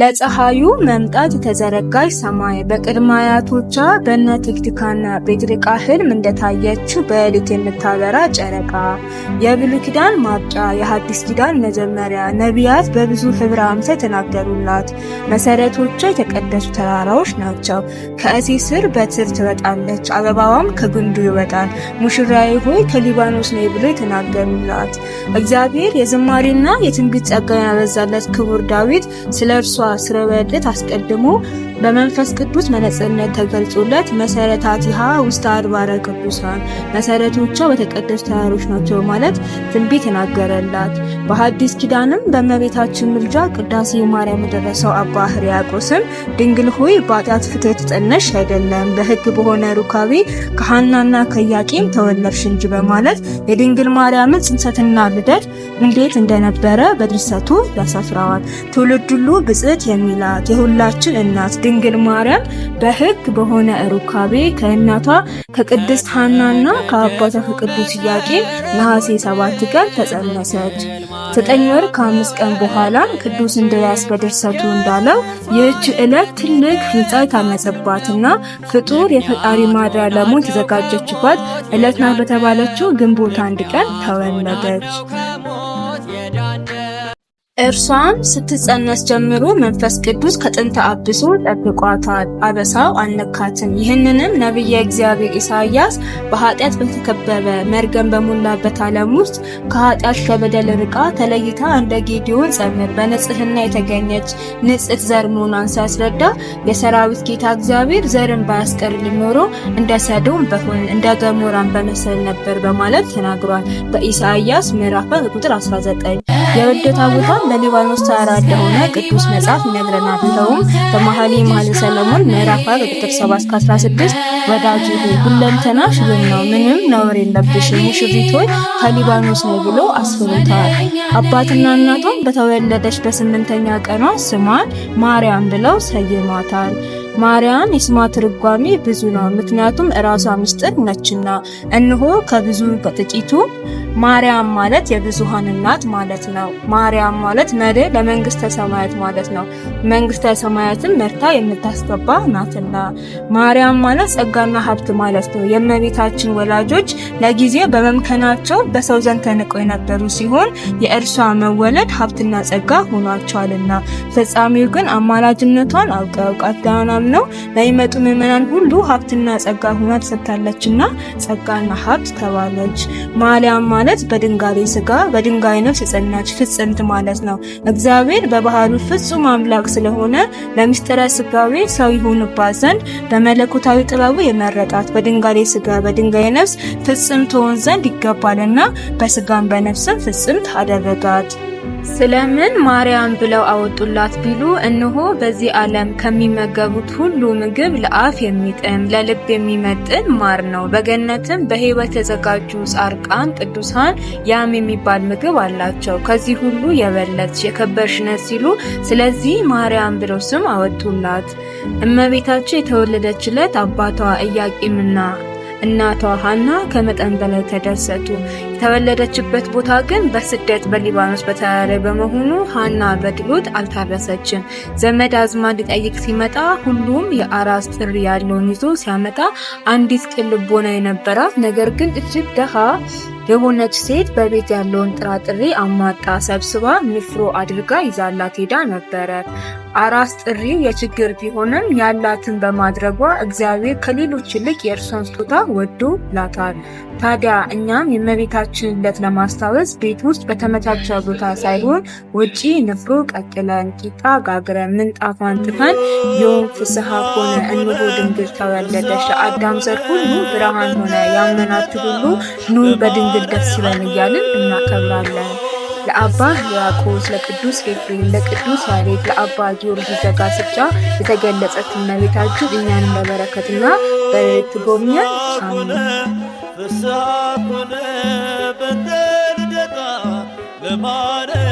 ለፀሐዩ መምጣት የተዘረጋች ሰማይ በቅድመ አያቶቿ በነ ቴክቲካና ጴጥርቃ ሕልም እንደታየችው በሌሊት የምታበራ ጨረቃ፣ የብሉይ ኪዳን ማብጫ፣ የሐዲስ ኪዳን መጀመሪያ፣ ነቢያት በብዙ ህብረ አምሳ የተናገሩላት፣ መሰረቶቿ የተቀደሱ ተራራዎች ናቸው። ከእሴ ስር በትር ትወጣለች፣ አበባዋም ከግንዱ ይወጣል። ሙሽራዬ ሆይ ከሊባኖስ ነይ ብሎ የተናገሩላት፣ እግዚአብሔር የዝማሬና የትንቢት ጸጋ ያበዛለት ክቡር ዳዊት ስለ እርሱ እሷ ስረበለት አስቀድሞ በመንፈስ ቅዱስ መነጽርነት ተገልጾለት መሰረታቲሃ ውስተ አድባረ ቅዱሳን መሰረቶቿ በተቀደሱ ተራሮች ናቸው ማለት ትንቢት ተናገረላት። በሐዲስ ኪዳንም በእመቤታችን ምልጃ ቅዳሴ ማርያም የደረሰው አባ ሕርያቆስም ድንግል ሆይ በኃጢአት ፍትህ ተጸነሽ አይደለም በሕግ በሆነ ሩካቤ ከሐናና ከያቂም ተወለድሽ እንጂ በማለት የድንግል ማርያምን ጽንሰትና ልደት እንዴት እንደነበረ በድርሰቱ ያሳፍረዋል። ትውልድ ሁሉ ብጽዕት የሚላት የሁላችን እናት ድንግል ማርያም በሕግ በሆነ ሩካቤ ከእናቷ ከቅድስት ሐናና ከአባቷ ከቅዱስ ኢያቄም ነሐሴ ሰባት ቀን ተጸነሰች። ዘጠኝ ወር ከአምስት ቀን በኋላ ቅዱስ እንድርያስ በድርሰቱ እንዳለው ይህች ዕለት ትልቅ ሕንጻ የታነጸባትና ፍጡር የፈጣሪ ማደሪያ ለመሆን የተዘጋጀችባት ዕለት ናት በተባለችው ግንቦት አንድ ቀን ተወለደች። እርሷም ስትጸነስ ጀምሮ መንፈስ ቅዱስ ከጥንተ አብሶ ጠብቋታል፣ አበሳው አልነካትም። ይህንንም ነቢየ እግዚአብሔር ኢሳያስ በኃጢአት በተከበበ መርገም በሞላበት ዓለም ውስጥ ከኃጢአት ከበደል ርቃ ተለይታ እንደ ጌዲዮን ጸምር በንጽህና የተገኘች ንጽት ዘር መሆኗን ሲያስረዳ የሰራዊት ጌታ እግዚአብሔር ዘርን ባያስቀር ሊኖሮ እንደ ሰዶም በሆን እንደ ገሞራን በመሰል ነበር በማለት ተናግሯል። በኢሳያስ ምዕራፍ ቁጥር 19 የውዴታ ቦታ በሊባኖስ ተራራ እንደሆነ ቅዱስ መጽሐፍ ይነግረናል። ይኸውም በመኃልየ መኃልይ ሰሎሞን ምዕራፍ ቁጥር 7 እስከ 16 ወዳጅ ሆይ ሁለንተናሽ ውብ ነው፣ ምንም ነውር የለብሽ፣ ሙሽሪት ሆይ ከሊባኖስ ነው ብሎ አስፍሮታል። አባትና እናቷም በተወለደች በስምንተኛ ቀኗ ስሟን ማርያም ብለው ሰይሟታል። ማርያም የስሟ ትርጓሜ ብዙ ነው፣ ምክንያቱም እራሷ ምስጢር ነችና። እንሆ ከብዙ በጥቂቱ ማርያም ማለት የብዙሃን እናት ማለት ነው። ማርያም ማለት መሪ ለመንግስተ ሰማያት ማለት ነው። መንግስተ ሰማያትን መርታ የምታስገባ ናትና። ማርያም ማለት ጸጋና ሀብት ማለት ነው። የእመቤታችን ወላጆች ለጊዜ በመምከናቸው በሰው ዘንድ ተንቀው የነበሩ ሲሆን የእርሷ መወለድ ሀብትና ጸጋ ሆኗቸዋልና፣ ፈጻሚው ግን አማላጅነቷን አውቀው ቀዳናም ነው ለሚመጡ ምዕመናን ሁሉ ሀብትና ጸጋ ሆና ተሰጥታለችና ጸጋና ሀብት ተባለች። ማርያም ማለት ማለት በድንጋሌ ስጋ በድንጋይ ነፍስ የጸናች ፍጽምት ማለት ነው። እግዚአብሔር በባህሉ ፍጹም አምላክ ስለሆነ ለምስጢረ ስጋዌ ሰው ይሆንባት ዘንድ በመለኮታዊ ጥበቡ የመረጣት በድንጋሌ ስጋ በድንጋይ ነፍስ ፍጽምት ትሆን ዘንድ ይገባልና በስጋም በነፍስም ፍጽምት አደረጋት። ስለምን ማርያም ብለው አወጡላት ቢሉ፣ እነሆ በዚህ ዓለም ከሚመገቡት ሁሉ ምግብ ለአፍ የሚጥም ለልብ የሚመጥን ማር ነው። በገነትም በሕይወት የተዘጋጁ ጻድቃን ቅዱሳን ያም የሚባል ምግብ አላቸው። ከዚህ ሁሉ የበለጥሽ የከበርሽ ነሽ ሲሉ፣ ስለዚህ ማርያም ብለው ስም አወጡላት። እመቤታችን የተወለደችለት አባቷ ኢያቄምና እናቷ ሐና ከመጠን በላይ ተደሰቱ። የተወለደችበት ቦታ ግን በስደት በሊባኖስ በተራራ በመሆኑ ሀና በድሎት አልታረሰችም። ዘመድ አዝማ ሊጠይቅ ሲመጣ ሁሉም የአራስ ጥሪ ያለውን ይዞ ሲያመጣ አንዲት ቅን ልቦና የነበራት ነገር ግን እጅግ ደሃ የሆነች ሴት በቤት ያለውን ጥራጥሬ አሟጣ ሰብስባ ንፍሮ አድርጋ ይዛላት ሄዳ ነበረ። አራስ ጥሪው የችግር ቢሆንም ያላትን በማድረጓ እግዚአብሔር ከሌሎች ይልቅ የእርሷን ስጦታ ላታል። ታዲያ እኛም የመቤታ ባህላችንነት ለማስታወስ ቤት ውስጥ በተመቻቸ ቦታ ሳይሆን ውጪ ንፍሮ ቀቅለን፣ ቂጣ ጋግረን፣ ምንጣፍ አንጥፈን ዮም ፍስሐ ሆነ እንሆ ድንግል ተወለደሽ አዳም ዘር ሁሉ ብርሃን ሆነ ያመናችሁ ሁሉ ኑ በድንግል ደስ ይበን እያልን እናከብራለን። ለአባ ሕርያቆስ፣ ለቅዱስ ኤፍሬም፣ ለቅዱስ ያሬድ፣ ለአባ ጊዮርጊስ ዘጋስጫ የተገለጸች እመቤታችን እኛንም በበረከትና ሳሚ ጎብኘን። አሜን። ተወልደ ልደታ ለማረ